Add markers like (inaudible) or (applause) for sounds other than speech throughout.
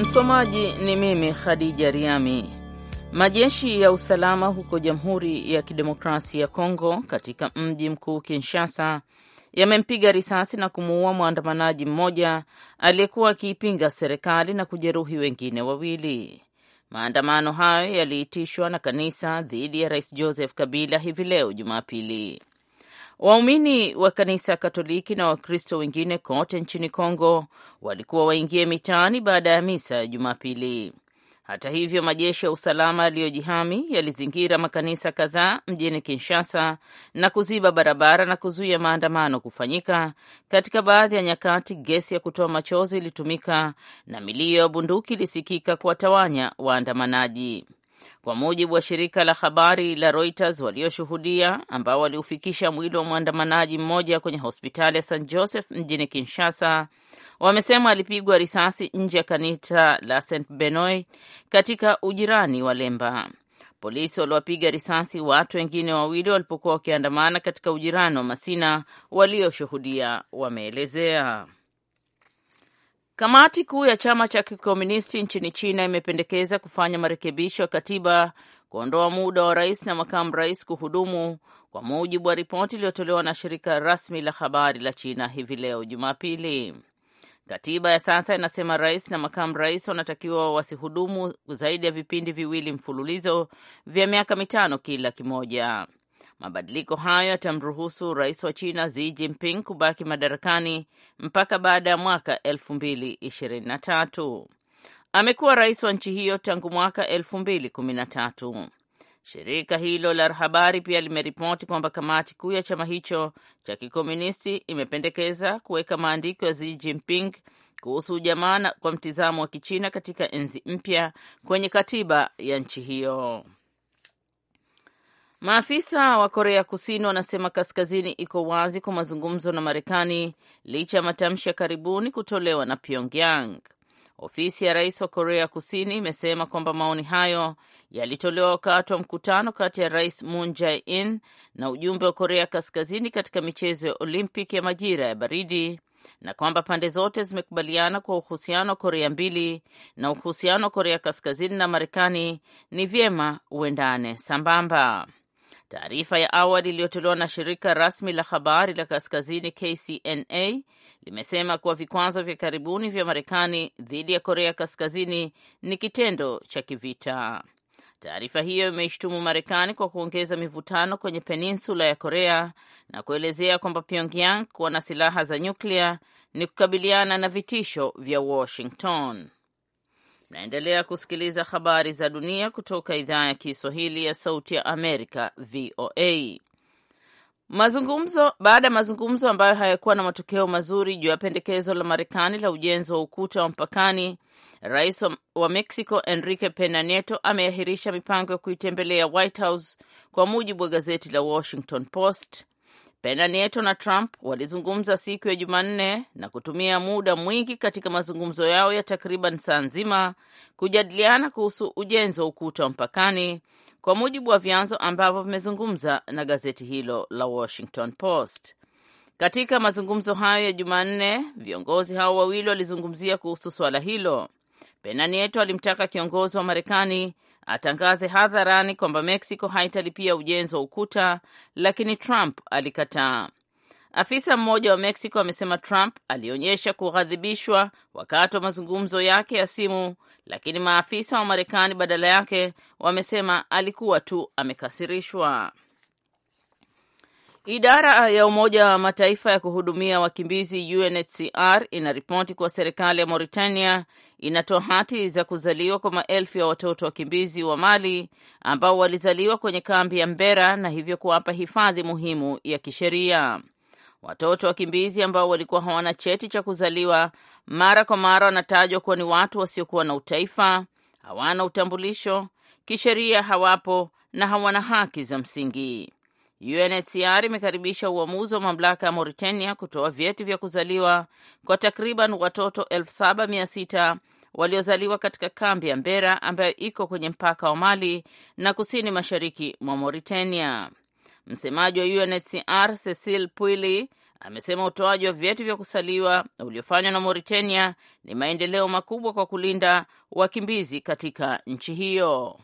Msomaji ni mimi Khadija Riami. Majeshi ya usalama huko Jamhuri ya Kidemokrasia ya Kongo katika mji mkuu Kinshasa yamempiga risasi na kumuua mwandamanaji mmoja aliyekuwa akiipinga serikali na kujeruhi wengine wawili. Maandamano hayo yaliitishwa na kanisa dhidi ya Rais Joseph Kabila hivi leo Jumapili. Waumini wa kanisa Katoliki na Wakristo wengine kote nchini Kongo walikuwa waingie mitaani baada ya misa ya Jumapili. Hata hivyo, majeshi ya usalama yaliyojihami yalizingira makanisa kadhaa mjini Kinshasa na kuziba barabara na kuzuia maandamano kufanyika. Katika baadhi ya nyakati, gesi ya kutoa machozi ilitumika na milio ya bunduki ilisikika kuwatawanya waandamanaji. Kwa mujibu wa shirika la habari la Reuters, walioshuhudia ambao waliufikisha mwili wa mwandamanaji mmoja kwenye hospitali ya St Joseph mjini Kinshasa wamesema alipigwa risasi nje ya kanisa la St benoi katika ujirani wa Lemba. Polisi waliwapiga risasi watu wengine wawili walipokuwa wakiandamana katika ujirani wa Masina, walioshuhudia wameelezea. Kamati kuu ya chama cha kikomunisti nchini China imependekeza kufanya marekebisho ya katiba kuondoa muda wa rais na makamu rais kuhudumu, kwa mujibu wa ripoti iliyotolewa na shirika rasmi la habari la China hivi leo Jumapili. Katiba ya sasa inasema rais na makamu rais wanatakiwa wasihudumu zaidi ya vipindi viwili mfululizo vya miaka mitano kila kimoja. Mabadiliko hayo yatamruhusu rais wa China Xi Jinping kubaki madarakani mpaka baada ya mwaka 2023. Amekuwa rais wa nchi hiyo tangu mwaka 2013. Shirika hilo la habari pia limeripoti kwamba kamati kuu ya chama hicho cha kikomunisti imependekeza kuweka maandiko ya Xi Jinping kuhusu ujamaa kwa mtizamo wa Kichina katika enzi mpya kwenye katiba ya nchi hiyo. Maafisa wa Korea Kusini wanasema kaskazini iko wazi kwa mazungumzo na Marekani licha ya matamshi ya karibuni kutolewa na Pyongyang. Ofisi ya rais wa Korea Kusini imesema kwamba maoni hayo yalitolewa wakati wa mkutano kati ya Rais Moon Jae-in na ujumbe wa Korea Kaskazini katika michezo ya olimpik ya majira ya baridi na kwamba pande zote zimekubaliana kwa uhusiano wa Korea mbili na uhusiano wa Korea Kaskazini na Marekani ni vyema uendane sambamba. Taarifa ya awali iliyotolewa na shirika rasmi la habari la Kaskazini KCNA limesema kuwa vikwazo vya karibuni vya Marekani dhidi ya Korea Kaskazini ni kitendo cha kivita. Taarifa hiyo imeishtumu Marekani kwa kuongeza mivutano kwenye peninsula ya Korea na kuelezea kwamba Pyongyang kuwa na silaha za nyuklia ni kukabiliana na vitisho vya Washington. Naendelea kusikiliza habari za dunia kutoka idhaa ya Kiswahili ya Sauti ya Amerika, VOA. Mazungumzo baada ya mazungumzo ambayo hayakuwa na matokeo mazuri juu ya pendekezo la Marekani la ujenzi wa ukuta wa mpakani, rais wa Mexico Enrique Pena Nieto ameahirisha mipango ya kuitembelea White House, kwa mujibu wa gazeti la Washington Post, Pena na Trump walizungumza siku ya Jumanne na kutumia muda mwingi katika mazungumzo yao ya takriban saa nzima kujadiliana kuhusu ujenzi wa ukuta wa mpakani, kwa mujibu wa vyanzo ambavyo vimezungumza na gazeti hilo la Washington Post. Katika mazungumzo hayo ya Jumanne, viongozi hao wawili walizungumzia kuhusu swala hilo. penanieto alimtaka kiongozi wa Marekani atangaze hadharani kwamba Mexico haitalipia ujenzi wa ukuta, lakini Trump alikataa. Afisa mmoja wa Mexico amesema Trump alionyesha kughadhibishwa wakati wa mazungumzo yake ya simu, lakini maafisa wa Marekani badala yake wamesema alikuwa tu amekasirishwa. Idara ya Umoja wa Mataifa ya kuhudumia wakimbizi UNHCR inaripoti kuwa serikali ya Mauritania inatoa hati za kuzaliwa kwa maelfu ya watoto wakimbizi wa Mali ambao walizaliwa kwenye kambi ya Mbera na hivyo kuwapa hifadhi muhimu ya kisheria. Watoto wakimbizi ambao walikuwa hawana cheti cha kuzaliwa mara kwa mara wanatajwa kuwa ni watu wasiokuwa na utaifa, hawana utambulisho kisheria, hawapo na hawana haki za msingi. UNHCR imekaribisha uamuzi wa mamlaka ya Mauritania kutoa vyeti vya kuzaliwa kwa takriban watoto 7600 waliozaliwa katika kambi ya Mbera ambayo iko kwenye mpaka wa Mali na kusini mashariki mwa Mauritania. Msemaji wa UNHCR Cecil Puili amesema utoaji wa vyeti vya kusaliwa uliofanywa na Mauritania ni maendeleo makubwa kwa kulinda wakimbizi katika nchi hiyo.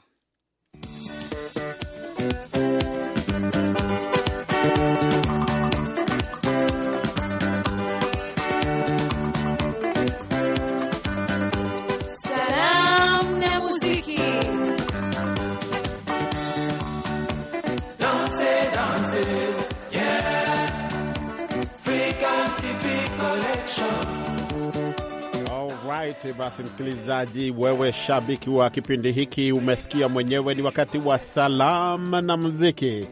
right, basi msikilizaji, wewe shabiki wa kipindi hiki, umesikia mwenyewe, ni wakati wa salamu na muziki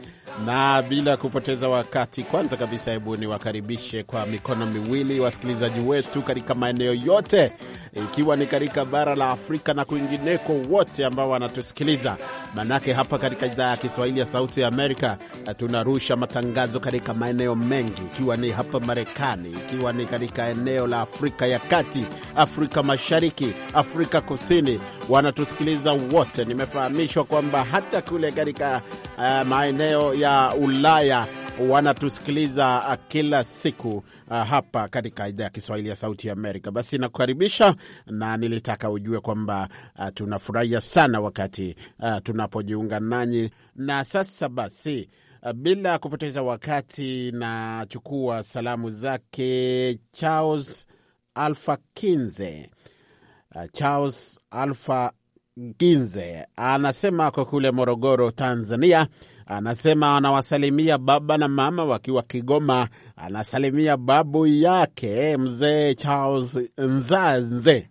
na bila kupoteza wakati, kwanza kabisa, hebu niwakaribishe kwa mikono miwili wasikilizaji wetu katika maeneo yote, ikiwa ni katika bara la Afrika na kwingineko, wote ambao wanatusikiliza. Manake hapa katika idhaa ya Kiswahili ya Sauti ya Amerika tunarusha matangazo katika maeneo mengi, ikiwa ni hapa Marekani, ikiwa ni katika eneo la Afrika ya Kati, Afrika Mashariki, Afrika Kusini, wanatusikiliza wote. Nimefahamishwa kwamba hata kule katika uh, maeneo ya ya Ulaya wanatusikiliza uh, kila siku uh, hapa katika idhaa ya Kiswahili ya Sauti ya Amerika. Basi nakukaribisha, na nilitaka ujue kwamba uh, tunafurahia sana wakati tunapojiunga nanyi. Na sasa basi, bila kupoteza wakati, nachukua salamu zake Charles Alfa Kinze. Charles Alfa Kinze anasema kwa kule Morogoro, Tanzania Anasema anawasalimia baba na mama wakiwa Kigoma. Anasalimia babu yake mzee Charles Nzanze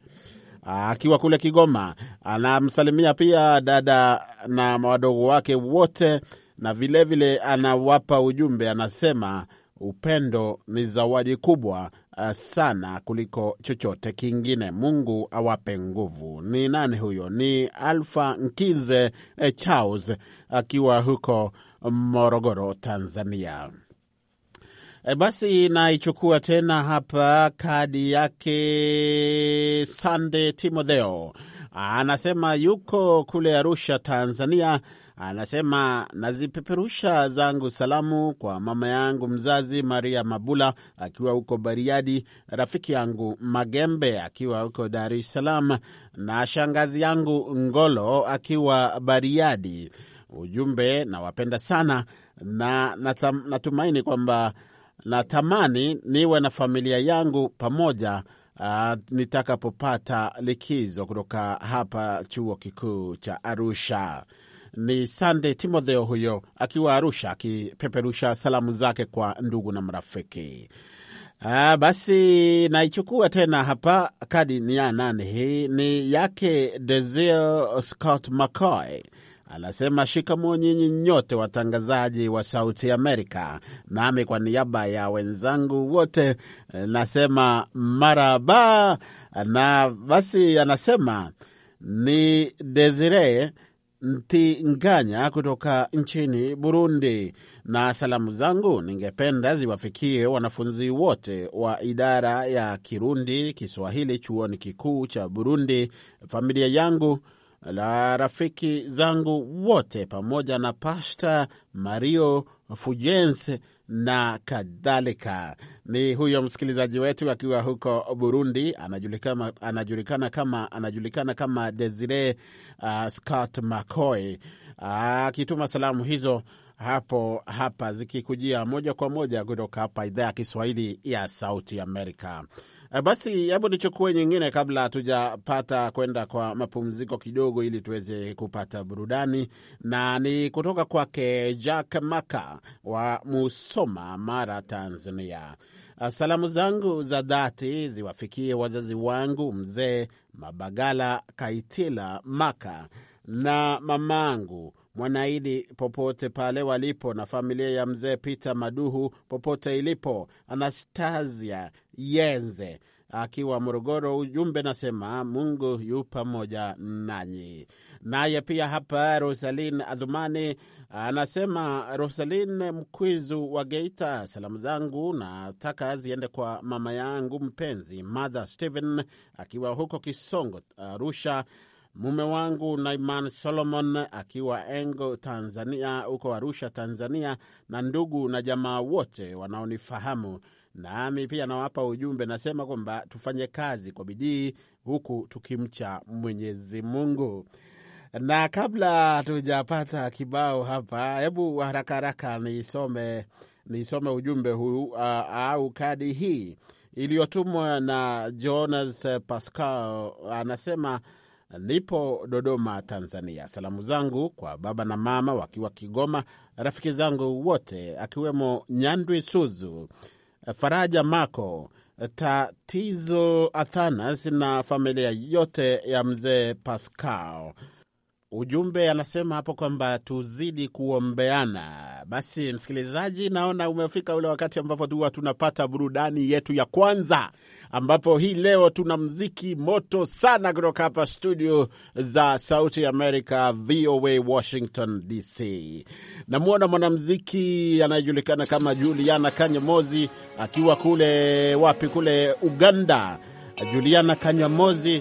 akiwa kule Kigoma. Anamsalimia pia dada na wadogo wake wote, na vilevile vile anawapa ujumbe, anasema upendo ni zawadi kubwa Eh, sana kuliko chochote kingine. Mungu awape nguvu. Ni nani huyo? Ni Alfa Nkize eh, Charles akiwa huko Morogoro, Tanzania. E, basi naichukua tena hapa kadi yake. Sande Timotheo anasema yuko kule Arusha, Tanzania anasema nazipeperusha zangu salamu kwa mama yangu mzazi Maria Mabula akiwa huko Bariadi, rafiki yangu Magembe akiwa huko Dar es Salaam na shangazi yangu Ngolo akiwa Bariadi. Ujumbe, nawapenda sana na natam, natumaini kwamba natamani niwe na familia yangu pamoja Uh, nitakapopata likizo kutoka hapa chuo kikuu cha Arusha. Ni Sande Timotheo huyo akiwa Arusha akipeperusha salamu zake kwa ndugu na marafiki. Ah, basi naichukua tena hapa, kadi ni ya nane hii, ni yake Deseo Scott McCoy. Anasema shikamo nyinyi nyote watangazaji wa Sauti Amerika, nami kwa niaba ya wenzangu wote eh, nasema maraba. Na basi anasema ni Desire Ntinganya kutoka nchini Burundi. Na salamu zangu ningependa ziwafikie wanafunzi wote wa idara ya Kirundi Kiswahili chuoni kikuu cha Burundi, familia yangu la rafiki zangu wote, pamoja na Pasta Mario Fujens na kadhalika. Ni huyo msikilizaji wetu akiwa huko Burundi, anajulikana, anajulikana kama anajulikana kama Desire uh, Scott McCoy uh, akituma uh, salamu hizo hapo hapa zikikujia moja kwa moja kutoka hapa idhaa ya Kiswahili ya Sauti Amerika. Uh, basi hebu nichukue nyingine kabla hatujapata kwenda kwa mapumziko kidogo, ili tuweze kupata burudani, na ni kutoka kwake Jack Maka wa Musoma, Mara, Tanzania. Ah, salamu zangu za dhati ziwafikie wazazi wangu mzee Mabagala Kaitila Maka na mamangu Mwanaidi popote pale walipo, na familia ya mzee Peter Maduhu popote ilipo, Anastasia Yenze akiwa Morogoro. Ujumbe nasema Mungu yu pamoja nanyi. Naye pia hapa Rosalin Adhumani anasema, Rosalin Mkwizu wa Geita, salamu zangu nataka ziende kwa mama yangu mpenzi Mother Stephen akiwa huko Kisongo Arusha, mume wangu Naiman Solomon akiwa Engo Tanzania, huko Arusha Tanzania, na ndugu na jamaa wote wanaonifahamu Nami pia nawapa ujumbe, nasema kwamba tufanye kazi kwa bidii huku tukimcha Mwenyezi Mungu. Na kabla tujapata kibao hapa, hebu haraka haraka nisome nisome ujumbe huu au kadi hii iliyotumwa na Jonas Pascal. Anasema nipo Dodoma, Tanzania. Salamu zangu kwa baba na mama wakiwa Kigoma, rafiki zangu wote akiwemo Nyandwi Suzu Faraja Mako, Tatizo Athanas na familia yote ya mzee Pascal. Ujumbe anasema hapo kwamba tuzidi kuombeana. Basi msikilizaji, naona umefika ule wakati ambapo huwa tunapata burudani yetu ya kwanza, ambapo hii leo tuna mziki moto sana kutoka hapa studio za Sauti America, VOA Washington DC. Namwona mwanamziki anayejulikana kama Juliana Kanyamozi akiwa kule wapi, kule Uganda. Juliana Kanyamozi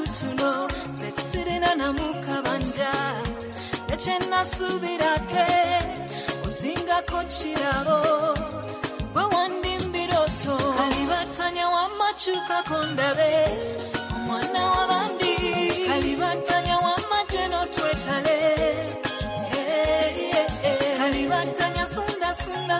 sana mukabanja ndetse nasubira te uzingakokirabo gwe wandi mbiroto kalibatanya wamacukako ndabe omwana w'abandi kalibatanya wamaje notwetale hey, eh, eh, eh. hey, sunda sunda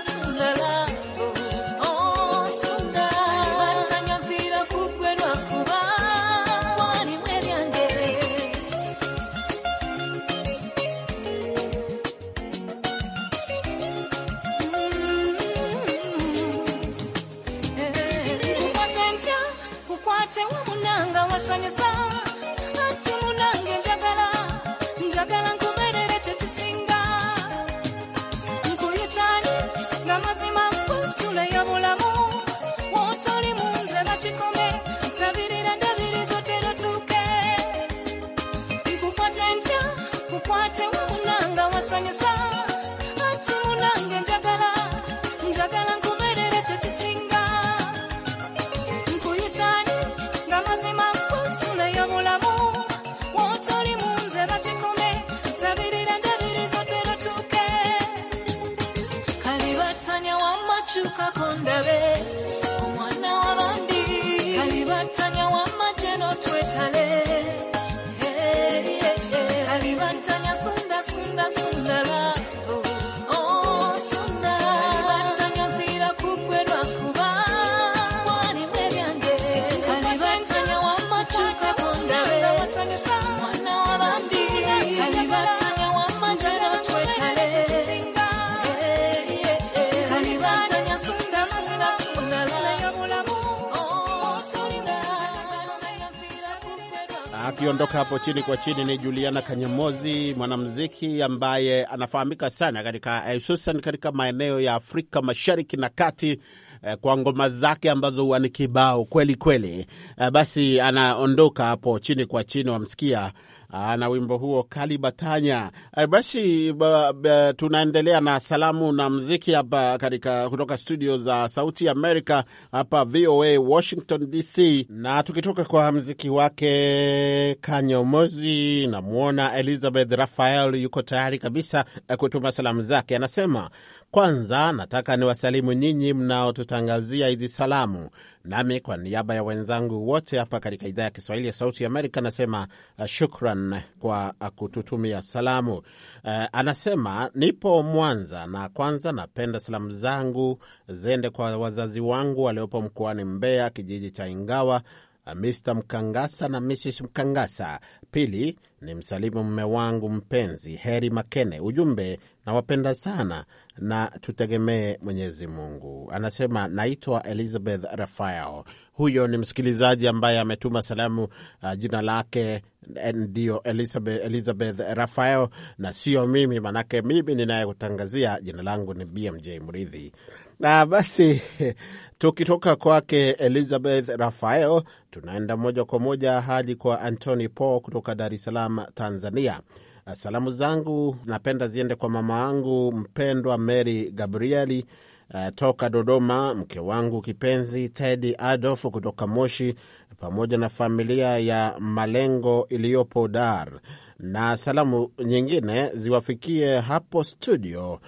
mkwate munanga wasanyusa Akiondoka hapo chini kwa chini ni Juliana Kanyomozi, mwanamuziki ambaye anafahamika sana katika eh, hususan katika maeneo ya Afrika Mashariki na Kati eh, kwa ngoma zake ambazo huwa ni kibao kweli kweli. Eh, basi anaondoka hapo chini kwa chini, wamsikia na wimbo huo kalibatanya eh, Basi ba, ba, tunaendelea na salamu na mziki hapa katika kutoka studio za Sauti Amerika hapa VOA Washington DC, na tukitoka kwa mziki wake Kanyomozi, namwona Elizabeth Rafael yuko tayari kabisa eh, kutuma salamu zake. Anasema kwanza, nataka niwasalimu nyinyi mnaotutangazia hizi salamu Nami kwa niaba ya wenzangu wote hapa katika idhaa ya Kiswahili ya Sauti Amerika nasema uh, shukran kwa uh, kututumia salamu. Uh, anasema nipo Mwanza na kwanza napenda salamu zangu zende kwa wazazi wangu waliopo mkoani Mbeya, kijiji cha Ingawa Uh, Mr Mkangasa na Mrs Mkangasa. Pili ni msalimu mme wangu mpenzi Heri Makene. Ujumbe, nawapenda sana na tutegemee Mwenyezi Mungu. Anasema naitwa Elizabeth Rafael. Huyo ni msikilizaji ambaye ametuma salamu. Uh, jina lake eh, ndio Elizabeth, Elizabeth Rafael na sio mimi, manake mimi ninayekutangazia jina langu ni BMJ Mridhi. Na basi (laughs) tukitoka kwake Elizabeth Rafael, tunaenda moja kwa moja hadi kwa Antony Paul kutoka Dar es Salaam, Tanzania. Salamu zangu napenda ziende kwa mama wangu mpendwa Mary Gabrieli uh, toka Dodoma, mke wangu kipenzi tedi Adolf kutoka Moshi, pamoja na familia ya Malengo iliyopo Dar, na salamu nyingine ziwafikie hapo studio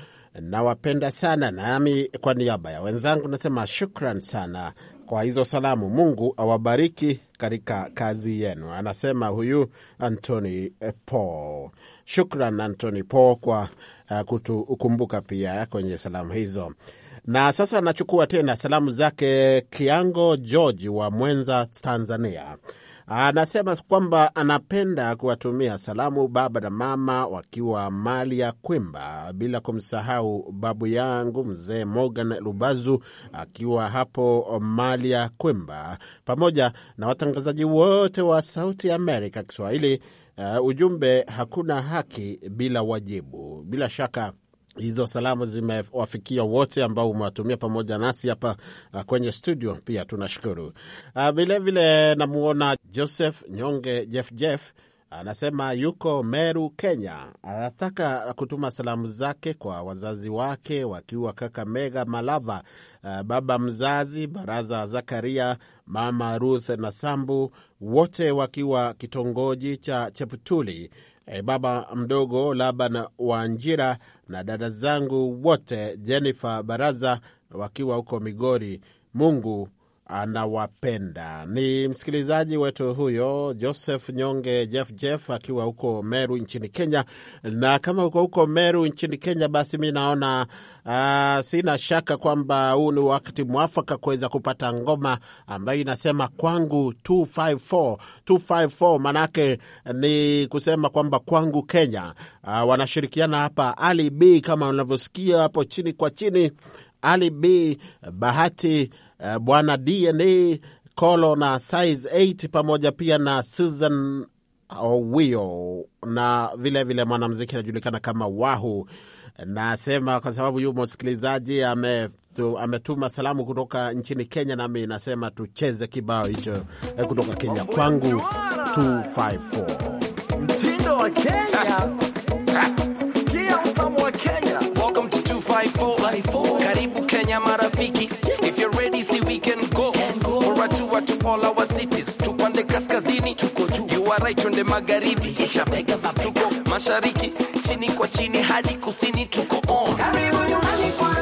nawapenda sana, nami kwa niaba ya wenzangu nasema shukran sana kwa hizo salamu. Mungu awabariki katika kazi yenu, anasema huyu antony Paul. Shukran antony Paul kwa uh, kutukumbuka pia kwenye salamu hizo. Na sasa anachukua tena salamu zake Kiango George wa Mwenza, Tanzania. Anasema kwamba anapenda kuwatumia salamu baba na mama wakiwa mali ya Kwimba, bila kumsahau babu yangu mzee Morgan Lubazu akiwa hapo mali ya Kwimba, pamoja na watangazaji wote wa Sauti Amerika Kiswahili. Uh, ujumbe hakuna haki bila wajibu. Bila shaka hizo salamu zimewafikia wote ambao umewatumia pamoja nasi hapa uh, kwenye studio. Pia tunashukuru uh, vilevile. Namwona Joseph Nyonge Jeff Jeff anasema yuko Meru, Kenya. Anataka kutuma salamu zake kwa wazazi wake wakiwa Kakamega, Malava, uh, baba mzazi Baraza Zakaria, mama Ruth na Sambu, wote wakiwa kitongoji cha Cheptuli e, baba mdogo Laban Wanjira na dada zangu wote Jennifer Baraza wakiwa huko Migori. Mungu anawapenda. Ni msikilizaji wetu huyo Joseph Nyonge Jeff Jeff akiwa huko Meru nchini Kenya. Na kama uko huko Meru nchini Kenya, basi mi naona uh, sina shaka kwamba huu ni wakati mwafaka kuweza kupata ngoma ambayo inasema kwangu 254 254, manake ni kusema kwamba kwangu Kenya. Uh, wanashirikiana hapa Ali B kama unavyosikia hapo chini kwa chini ali B Bahati Eh, bwana DNA Kolo na Size 8 pamoja pia na Susan Owio na vilevile mwanamziki anajulikana kama Wahu. Nasema kwa sababu yu msikilizaji ametuma salamu kutoka nchini Kenya, nami nasema tucheze kibao hicho eh, kutoka Kenya kwangu 254 mtindo wa Kenya. Sikia mtamu wa Kenya. Welcome to 254. Karibu Kenya marafiki you are to cities, tupande kaskazini, tuko juu, you are right, twende magharibi, kisha pega tuko mashariki, chini kwa chini hadi kusini, tuko on. Karibu nyumbani kwa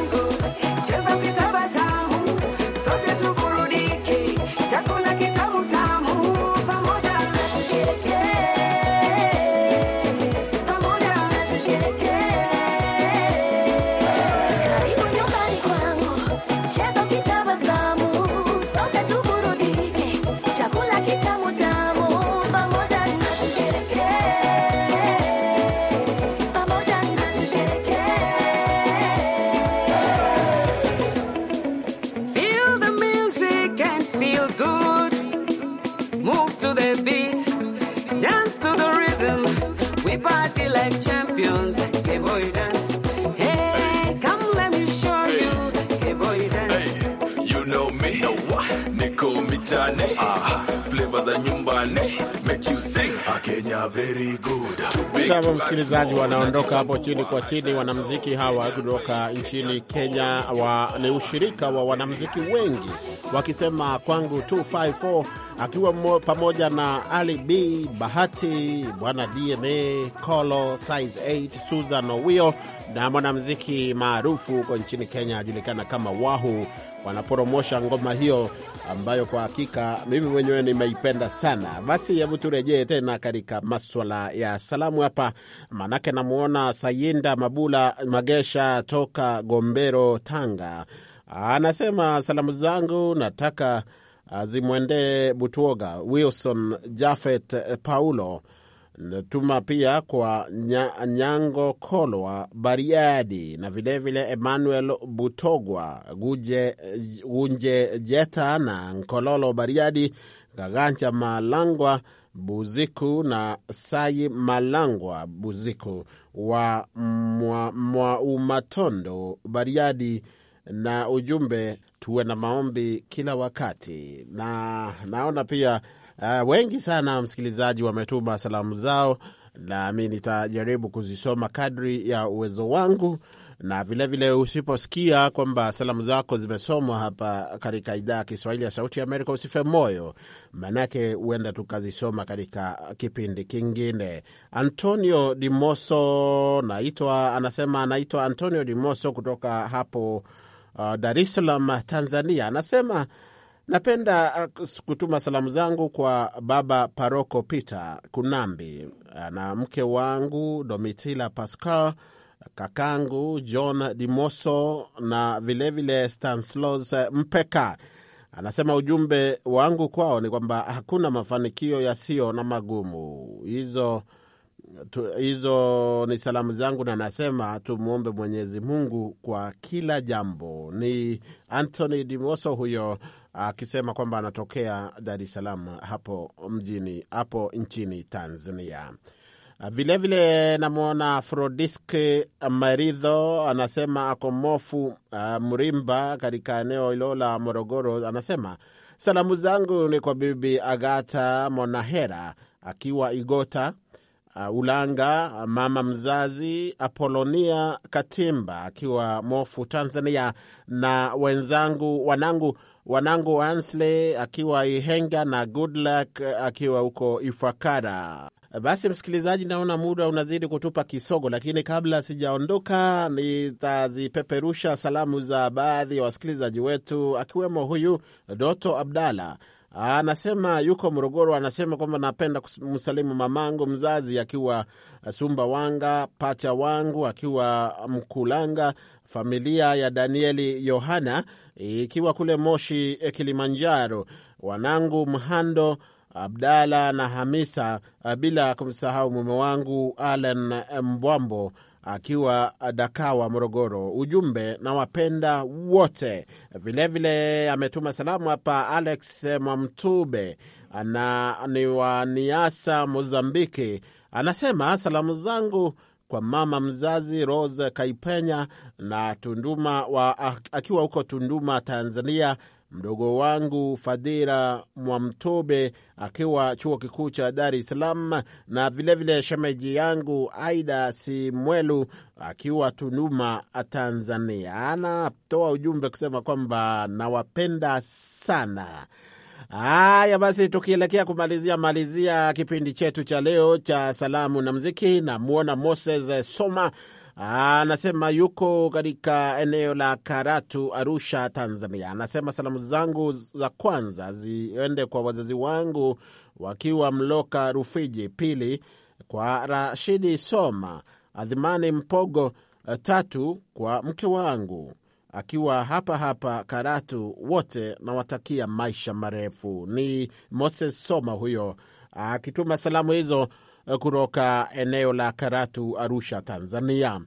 Kama msikilizaji, wanaondoka hapo chini kwa chini. Wanamziki hawa kutoka nchini Kenya wa, ni ushirika wa wanamziki wengi wakisema kwangu 254 akiwa pamoja na Ali B Bahati, Bwana DNA, Colo Size 8, Susan Owio na mwanamuziki maarufu huko nchini Kenya ajulikana kama Wahu. Wanaporomosha ngoma hiyo ambayo kwa hakika mimi mwenyewe nimeipenda sana. Basi hebu turejee tena katika maswala ya salamu hapa, manake namwona Sayinda Mabula Magesha toka Gombero, Tanga Anasema salamu zangu nataka ah, zimwendee Butuoga Wilson, Jafet eh, Paulo, natuma pia kwa Nyango Kolwa Bariadi na vilevile vile Emmanuel Butogwa Guje, Gunje Jeta na Nkololo Bariadi, Gaganja Malangwa Buziku na Sai Malangwa Buziku wa Mwaumatondo Bariadi na ujumbe tuwe na maombi kila wakati, na naona pia uh, wengi sana msikilizaji wametuma salamu zao, na mi nitajaribu kuzisoma kadri ya uwezo wangu na vilevile vile usiposikia kwamba salamu zako zimesomwa hapa katika idhaa ya Kiswahili ya Sauti ya Amerika, usife moyo, maanake huenda tukazisoma katika kipindi kingine. Antonio Dimoso naitwa, anasema anaitwa Antonio Dimoso kutoka hapo uh, Dar es Salaam, Tanzania, anasema napenda uh, kutuma salamu zangu kwa baba paroko Peter Kunambi uh, na mke wangu Domitila Pascal, kakangu John Dimoso na vilevile stanslos uh, Mpeka. Anasema ujumbe wangu kwao ni kwamba hakuna mafanikio yasiyo na magumu hizo tu, hizo ni salamu zangu, na nasema tumwombe Mwenyezi Mungu kwa kila jambo. Ni Anthony Dimoso huyo ah, akisema kwamba anatokea Dar es Salaam hapo mjini hapo nchini Tanzania. Vilevile ah, namwona Frodisk Maridho anasema ako Mofu uh, ah, Mrimba katika eneo hilo la Morogoro. Anasema salamu zangu ni kwa Bibi Agata Monahera akiwa Igota uh, Ulanga uh, mama mzazi Apolonia Katimba akiwa Mofu, Tanzania, na wenzangu wanangu wanangu Ansley akiwa Ihenga na Goodluck uh, akiwa huko Ifakara. Basi msikilizaji, naona muda unazidi kutupa kisogo, lakini kabla sijaondoka, nitazipeperusha salamu za baadhi ya wasikilizaji wetu, akiwemo huyu Doto Abdalla anasema yuko Morogoro, anasema kwamba napenda kumsalimu mamangu mzazi akiwa Sumbawanga, pacha wangu akiwa Mkulanga, familia ya Danieli Yohana ikiwa kule Moshi, eh, Kilimanjaro, wanangu Mhando Abdala na Hamisa, eh, bila kumsahau mume wangu Alan Mbwambo akiwa Dakawa, Morogoro. Ujumbe na wapenda wote. Vilevile vile, ametuma salamu hapa Alex Mwamtube na ni wa Niasa, Mozambiki. Anasema salamu zangu kwa mama mzazi Rose Kaipenya na Tunduma wa, akiwa huko Tunduma Tanzania mdogo wangu fadhira Mwamtobe akiwa chuo kikuu cha Dar es Salaam, na vilevile shemeji yangu Aida Simwelu akiwa Tunduma, Tanzania. Anatoa ujumbe kusema kwamba nawapenda sana. Haya basi, tukielekea kumalizia malizia kipindi chetu cha leo cha salamu na mziki, namwona Moses Soma anasema yuko katika eneo la Karatu, Arusha, Tanzania. Anasema salamu zangu za kwanza ziende kwa wazazi wangu wakiwa Mloka Rufiji, pili kwa Rashidi Soma Adhimani Mpogo, eh, tatu kwa mke wangu akiwa hapa hapa Karatu. Wote nawatakia maisha marefu. Ni Moses Soma huyo akituma salamu hizo Eh, kutoka eneo la Karatu, Arusha, Tanzania.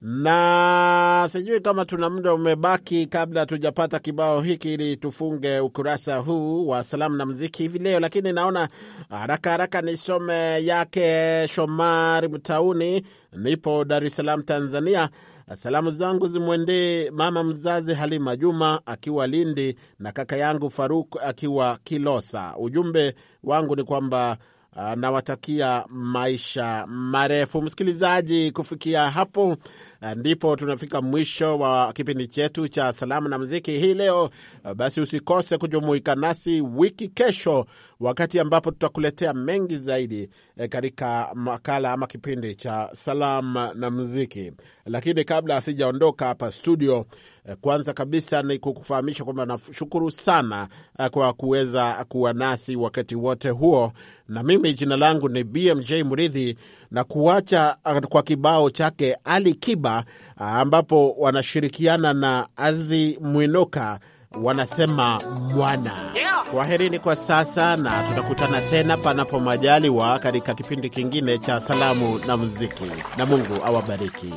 Na sijui kama tuna muda umebaki kabla tujapata kibao hiki ili tufunge ukurasa huu wa salamu na muziki hivi leo, lakini naona haraka haraka nisome yake Shomari Mtauni, nipo Dar es Salaam, Tanzania. Salamu zangu zimwendee mama mzazi Halima Juma akiwa Lindi na kaka yangu Faruk akiwa Kilosa. Ujumbe wangu ni kwamba Ah, nawatakia maisha marefu. Msikilizaji, kufikia hapo ah, ndipo tunafika mwisho wa kipindi chetu cha salamu na muziki hii leo. Ah, basi usikose kujumuika nasi wiki kesho, wakati ambapo tutakuletea mengi zaidi eh, katika makala ama kipindi cha salamu na muziki. Lakini kabla asijaondoka hapa studio Eh, kwanza kabisa ni kukufahamisha kwamba nashukuru sana eh, kwa kuweza kuwa nasi wakati wote huo, na mimi jina langu ni BMJ Mridhi, na kuacha eh, kwa kibao chake Ali Kiba ambapo wanashirikiana na Azi Mwinuka wanasema mwana. kwa herini kwa sasa, na tutakutana tena panapo majaliwa katika kipindi kingine cha salamu na muziki, na Mungu awabariki.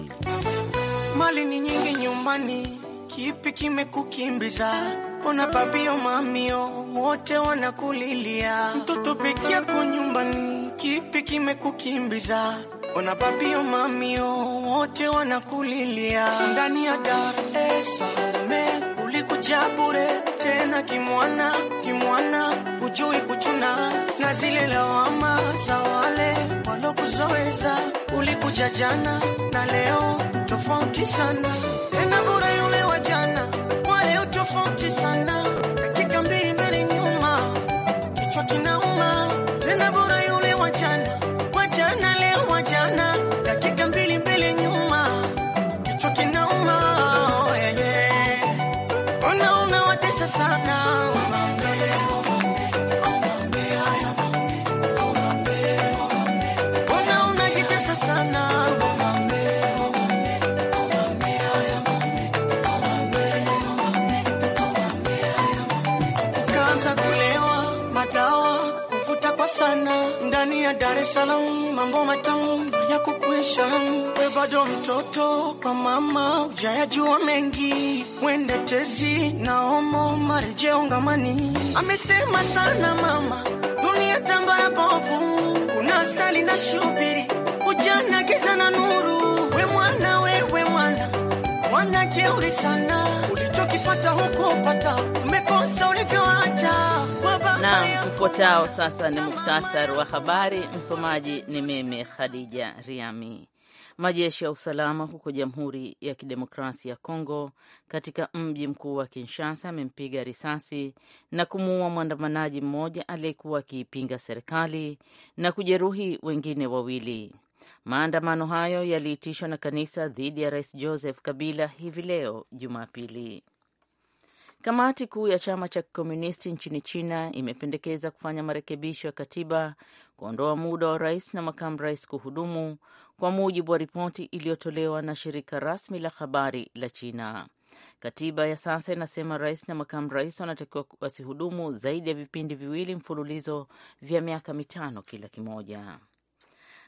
Mali ni nyingi nyumbani Kipi kimekukimbiza? Ona papio mamio wote wanakulilia, mtoto peke yako nyumbani. Kipi kimekukimbiza? Ona papio mamio wote wanakulilia, ndani ya Dar es Salaam ulikuja bure tena, kimwana kimwana, hujui kuchuna na zile lawama za wale walokuzoeza. Ulikuja jana na leo tofauti sana know. ya Dar es Salaam, mambo matamu ya kukwesha. We bado mtoto kwa mama, hujayajua mengi, wende tezi na homo, marejeo ngamani. Amesema sana mama, dunia tambara popu, kuna sali na shubiri, ujana giza na nuru. We mwana, wewe mwana, mwana uli sana, ulichokipata huko pata Naam, ufuatao sasa ni muktasari wa habari. Msomaji ni mimi Khadija Riami. Majeshi ya usalama huko Jamhuri ya Kidemokrasia ya Kongo katika mji mkuu wa Kinshasa amempiga risasi na kumuua mwandamanaji mmoja aliyekuwa akiipinga serikali na kujeruhi wengine wawili. Maandamano hayo yaliitishwa na kanisa dhidi ya Rais Joseph Kabila hivi leo Jumapili. Kamati kuu ya chama cha kikomunisti nchini China imependekeza kufanya marekebisho ya katiba kuondoa muda wa rais na makamu rais kuhudumu, kwa mujibu wa ripoti iliyotolewa na shirika rasmi la habari la China. Katiba ya sasa inasema rais na makamu rais wanatakiwa wasihudumu zaidi ya vipindi viwili mfululizo vya miaka mitano kila kimoja.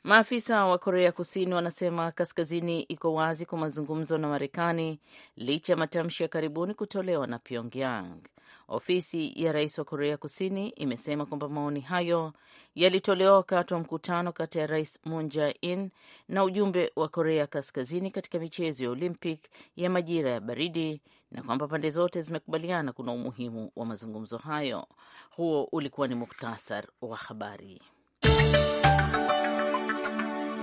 Maafisa wa Korea Kusini wanasema kaskazini iko wazi kwa mazungumzo na Marekani licha ya matamshi ya karibuni kutolewa na Pyongyang. Ofisi ya rais wa Korea Kusini imesema kwamba maoni hayo yalitolewa wakati wa mkutano kati ya Rais Moon Jae-in na ujumbe wa Korea Kaskazini katika michezo ya Olympic ya majira ya baridi na kwamba pande zote zimekubaliana kuna umuhimu wa mazungumzo hayo. Huo ulikuwa ni muktasar wa habari.